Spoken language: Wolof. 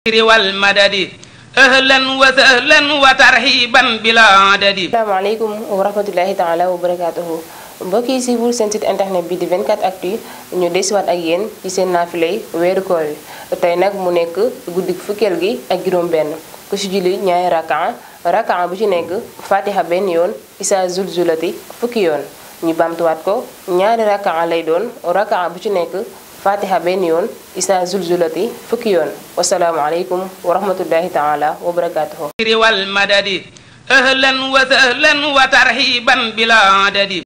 salaamaaleykum wa rahmatullahi taala wa barakaatuhu mbokk yi si wul seen site internet bi di 24 actu ñu desiwaat ak yéen ci seen naafilay weeru koor yi tey nag mu nekk guddi fukkeel gi ak juróom-benn ku ci julli ñaari rakaa an bu ci nekk fatiha benn yoon isaa zulzulati fukki yoon ñu bamtuwaat ko ñaari rakaa lay doon rakaa bu ci nekk fatiha benn yoon isa zulzulati fukki yoon wasalaamu aleykum wa rahmatullahi taala wa barakaatuhu riwal madadi ahlan wa sahlan wa tarhiban bila adadi